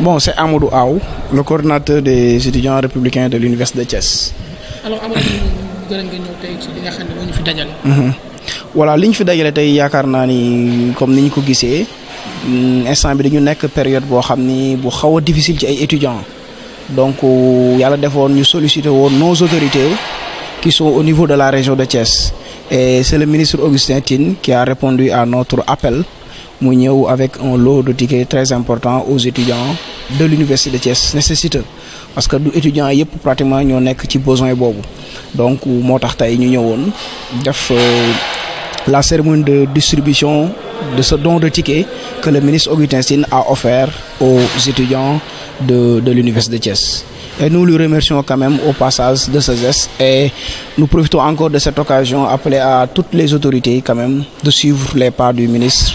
Bon, c'est Amadou Aou, le coordinateur des étudiants républicains de l'Université de Thiès. Alors, Amadou, vous avez mhm. voilà li ñu fi dajale tey yaakaar naa ni comme ni ñu ko gisee mm, instant bi dañu nekk période une xam période, bu difficile ci ay étudiants donc nous euh, defoon ñu sollicité nos autorités qui sont au niveau de la région de Thiès et c'est le ministre Augustin Tin qui a répondu à notre appel. Nous avec un lot de tickets très important aux étudiants de l'université de Thiès nécessiteux parce que les étudiants pour pratiquement ñoo nek ci besoin donc nous avons ñu def euh, la cérémonie de distribution de ce don de tickets que le ministre Augustin a offert aux étudiants de, de l'université de Thiès. Et nous lui remercions quand même au passage de ce geste et nous profitons encore de cette occasion appeler à toutes les autorités quand même de suivre les pas du ministre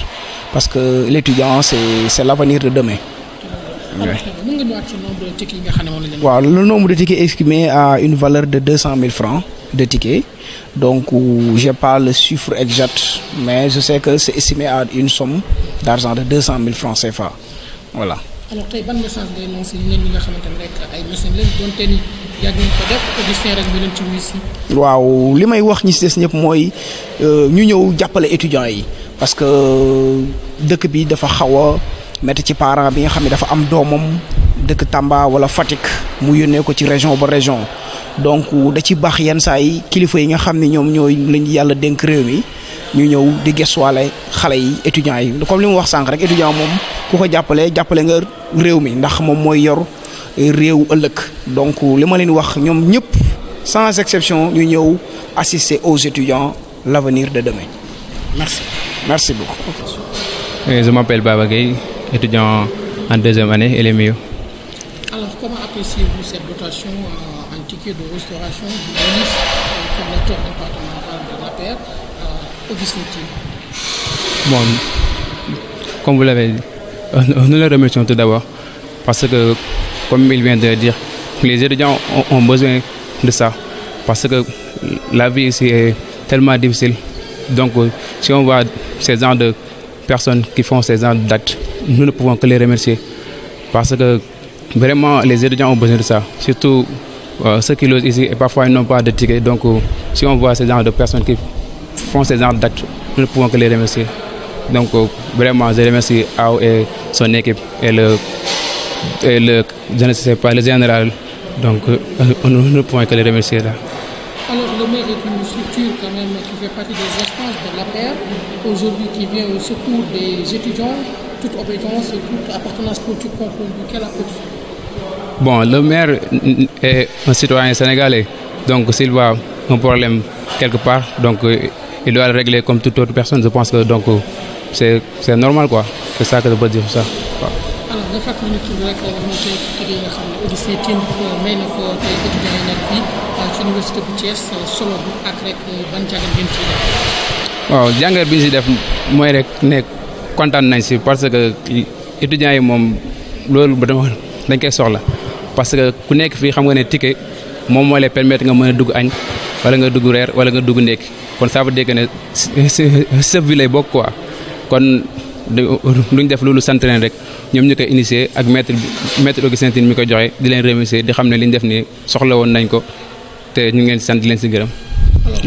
parce que l'étudiant c'est l'avenir de demain. le nombre de tickets estimés estimé à une valeur de 200 000 francs de tickets donc n'ai euh, pas le chiffre exact mais je sais que c'est estimé à une somme d'argent de 200 000 francs CFA voilà. alors waaw li may wax ñi si des ñëpp mooy euh, ñu ñëw jàppale étudiants yi parce que euh, dëkk bi dafa xaw a métti ci parent bi nga xam ne dafa am doomam dëkk Tamba wala Fatick mu yónnee ko ci région ba région donc da ci baax yenn saa yi kilifa yi nga xam ni ñoom ñooy lañu yàlla dénk réew mi ñu ñëw di gestuwaale xale yi étudiants yi comme li mu wax sànq rek étudiant moom ku ko jàppale jàppale nga réew mi ndax moom mooy yor. et réew ëllëg donc li ma leen wax ñoom sans exception ñu ñëw assister aux étudiants l'avenir de demain merci merci beaucoup. je m'appelle Baba Gay, étudiant en deuxième année LMIO. alors comment appréciez-vous cette dotation euh, en ticket de restauration du ministre euh, coordinateur départemental de la euh, au Augustin Bon, comme vous l'avez dit, nous le remercions tout d'abord parce que comme il vient de dire. Les étudiants ont, besoin de ça parce que la vie ici est tellement difficile. Donc, euh, si on voit ces gens de personnes qui font ces gens d'actes, nous ne pouvons que les remercier parce que vraiment les étudiants ont besoin de ça. Surtout euh, ceux qui logent ici et parfois ils n'ont pas de tickets. Donc, euh, si on voit ces gens de personnes qui font ces gens d'actes, nous ne pouvons que les remercier. Donc, vraiment, je remercie Ao et son équipe et le et le, je ne sais pas, le général. Donc, euh, on ne peut que les remercier là. Alors, le maire est une structure quand même qui fait partie des instances de la paix, aujourd'hui qui vient au secours des étudiants, toute obédience et toute appartenance politique qu'elle a Bon, le maire est un citoyen sénégalais, donc s'il voit un problème quelque part, donc euh, il doit le régler comme toute autre personne. Je pense que euh, c'est normal quoi. C'est ça que je peux dire ça. alors waaw jàngat bi ñu si def mooy rek ne kontaan nañ si parce que étudiants yi moom loolu ba dama dañ koy soxla parce que ku nekk fii xam nga ne ticket moom moo lay permettre nga mën a dugg añ wala nga dugg reer wala nga dugg nekk kon ça veut ne sa vie lay bokk kon. duñ def loolu sant rek ñoom ñu koy initier ak maître maître Augustin Tine mi ko joxe di leen remercier di xam ne li def nii soxla woon nañ ko te ñu ngi leen sant di leen si gërëm. waaw euh,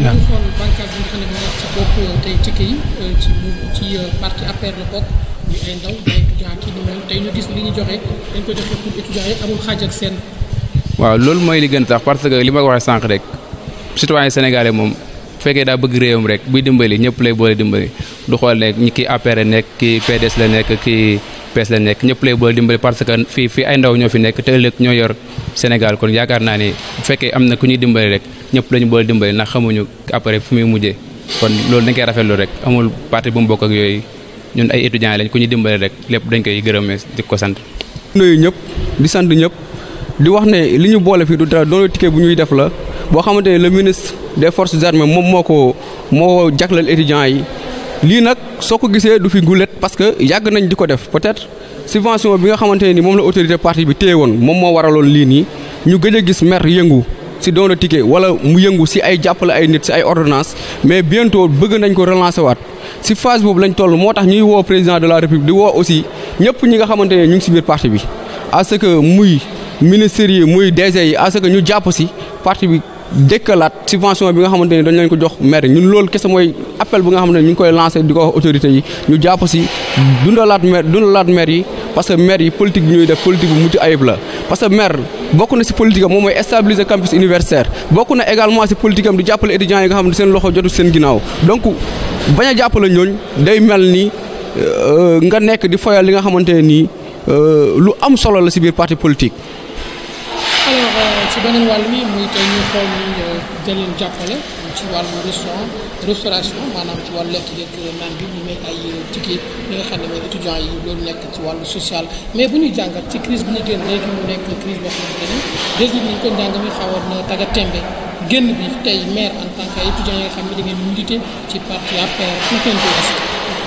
euh, euh, waaw loolu mooy li gën tax parce que li ma waxee sànq rek citoyen sénégalais moom. bu fekkee daa bëgg réewam rek buy dimbali ñëpp lay boole dimbali du xool nekk ñi kii APR nekk kii PDS la nekk kii PS la nekk ñëpp lay boole dimbali parce que fii fii ay ndaw ñoo fi nekk te ëllëg ñoo yor Sénégal kon yaakaar naa ni bu fekkee am na ku ñuy dimbali rek ñëpp la ñu boole dimbali ndax xamuñu après fu muy mujjee kon loolu dañ koy rafetlu rek amul parti bu mu bokk ak yooyu ñun ay étudiants lañ ko ñu dimbali rek lépp dañ koy gërëmee di ko sant. nuyu ñëpp di sant ñëpp di wax ne li ñu boole fii du dara doon ticket bu ñuy def la. boo xamante le ministre des forces armées moom moo mo moo jagleel étudiants yi lii nag soo ko du fi gulet parce que nañ def peut-être subvention bi nga xamante ne ni moom la autorité parti bi téye woon moom moo waraloon lii ñu gëj gis mer yëngu si don de ticket wala mu yëngu si ay jàppale ay nit si ay ordonnance mais bientôt bëgg nañ ko relancer waat si phase boobu lañ toll moo ñuy woo président de la république di wo aussi ñëpp ñi nga xamante ne ñu ngi si biir parti bi à ce que muy ministère yi muy DG yi à ce que ñu si parti bi dëkkalaat subvention bi nga xamante ni dañ leen ko jox maire ñun loolu kese mooy appel bi nga xamante ni ñu ngi koy lancé di ko wax autorités yi ñu jàpp si dundalaat maire dundalaat maire yi parce que ñuy def politique bu mucc ayib la. bokk na si politique am moom mooy stabiliser campus universitaire bokk na également si politique am di jàppale étudiants yi nga xam ne seen loxo day mel ni euh, nga nekk di foyal li nga xamante ne nii euh, lu am solo la si biir parti politique. Euh, ci beneen wàll euh, ci wàllu restaurant bi mais bu ñuy jàngat ci crise na taga génn bi tey maire en tant que étudiant yi nga xam ne da ngeen milité ci parti APR pour ngeen koy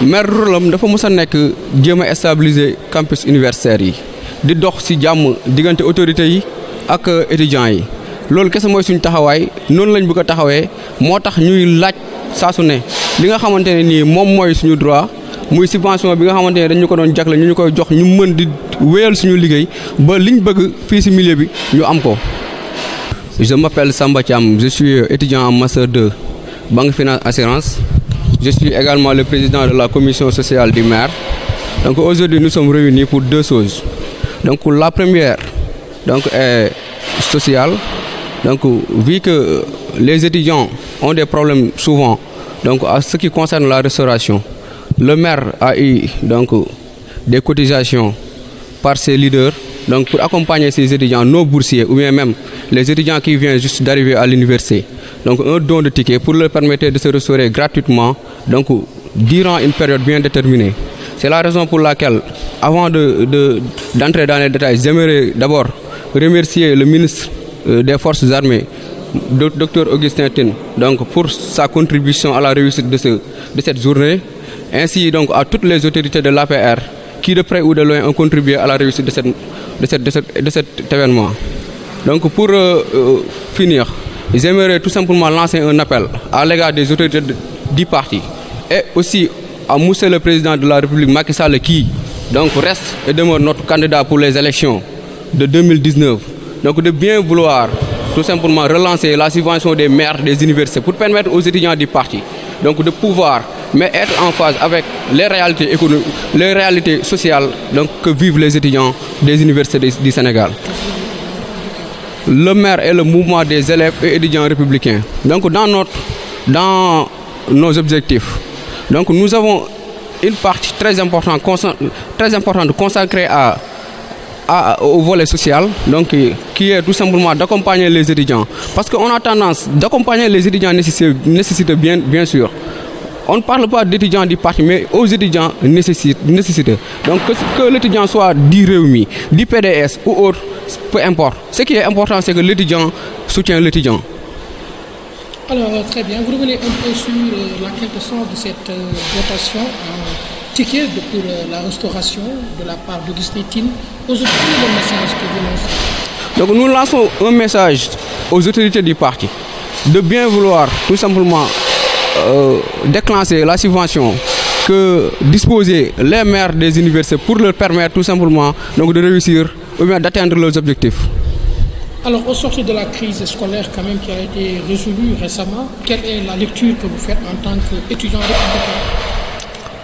maire rôlam dafa mës a nekk jéem a stabiliser campus universitaire yi di dox ci jàmm diggante autorité yi. ak euh, étudiants yi loolu kese mooy suñu taxawaay noonu lañ bëgg a taxawee moo tax ñuy laaj saa su ne li nga xamante ne nii moom mooy suñu droit muy subvention bi nga xamante ne dañu ko doon jagle ñu koy jox ñu mën di wéyal suñu liggéey ba liñ bëgg fii si milieu bi ñu am ko. Je m'appelle Samba Thiam, je suis euh, étudiant en Master 2, Banque Finance Assurance. Je suis également le président de la commission sociale du maire. Donc aujourd'hui, nous sommes réunis pour deux choses. Donc la première, donc, est euh, sociale. Donc, vu que les étudiants ont des problèmes souvent, donc à ce qui concerne la restauration, le maire a eu donc, des cotisations par ses leaders donc pour accompagner ces étudiants nos boursiers ou bien même les étudiants qui viennent juste d'arriver à l'université. Donc un don de tickets pour leur permettre de se restaurer gratuitement donc durant une période bien déterminée. C'est la raison pour laquelle, avant d'entrer de, d'entrer dans les détails, j'aimerais d'abord remercier le ministre euh, des Forces armées, docteur Augustin Tin, donc pour sa contribution à la réussite de, ce, de cette journée, ainsi donc à toutes les autorités de l'APR qui de près ou de loin ont contribué à la réussite de, de, cet événement. Donc pour euh, euh, finir, j'aimerais tout simplement lancer un appel à l'égard des autorités du parti et aussi à Moussa le président de la République Macky Sall qui donc reste et demeure notre candidat pour les élections de 2019. Donc de bien vouloir tout simplement relancer la subvention des maires des universités pour permettre aux étudiants du parti donc de pouvoir mais être en phase avec les réalités économiques, les réalités sociales donc, que vivent les étudiants des universités du Sénégal. Le maire est le mouvement des élèves et étudiants républicains. Donc dans, notre, dans nos objectifs, donc, nous avons une partie très importante, très importante consacrée à au volet social, donc, qui est tout simplement d'accompagner les étudiants. Parce qu'on a tendance d'accompagner les étudiants nécessite, bien, bien sûr. On ne parle pas d'étudiants du parti, mais aux étudiants nécessite. Donc que, l'étudiant soit dit d'IPDS du PDS ou autre, peu importe. Ce qui est important, c'est que l'étudiant soutient l'étudiant. Alors euh, très bien, vous revenez un peu sur euh, la question de cette euh, votation ticket pour euh, la restauration de la part de Disney. aux Donc nous lançons un message aux autorités du parti de bien vouloir tout simplement euh, déclencher la subvention que disposaient les maires des universités pour leur permettre tout simplement donc, de réussir ou bien d'atteindre leurs objectifs. Alors, au sortir de la crise scolaire quand même qui a été résolue récemment, quelle est la lecture que vous faites en tant qu'étudiant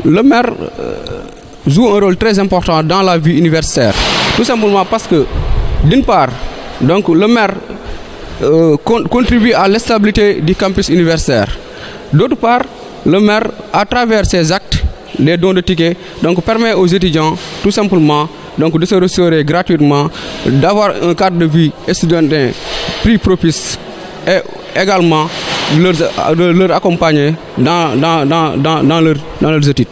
le maire euh, joue un rôle très important dans la vie universitaire. Tout simplement parce que, d'une part, donc, le maire euh, contribue à l'instabilité du campus universitaire. D'autre part, le maire, à travers ses actes, les dons de tickets, donc, permet aux étudiants, tout simplement, donc, de se restaurer gratuitement, d'avoir un cadre de vie étudiant plus propice et également leur, leur accompagner dans, dans, dans, dans, dans leur, dans leurs études.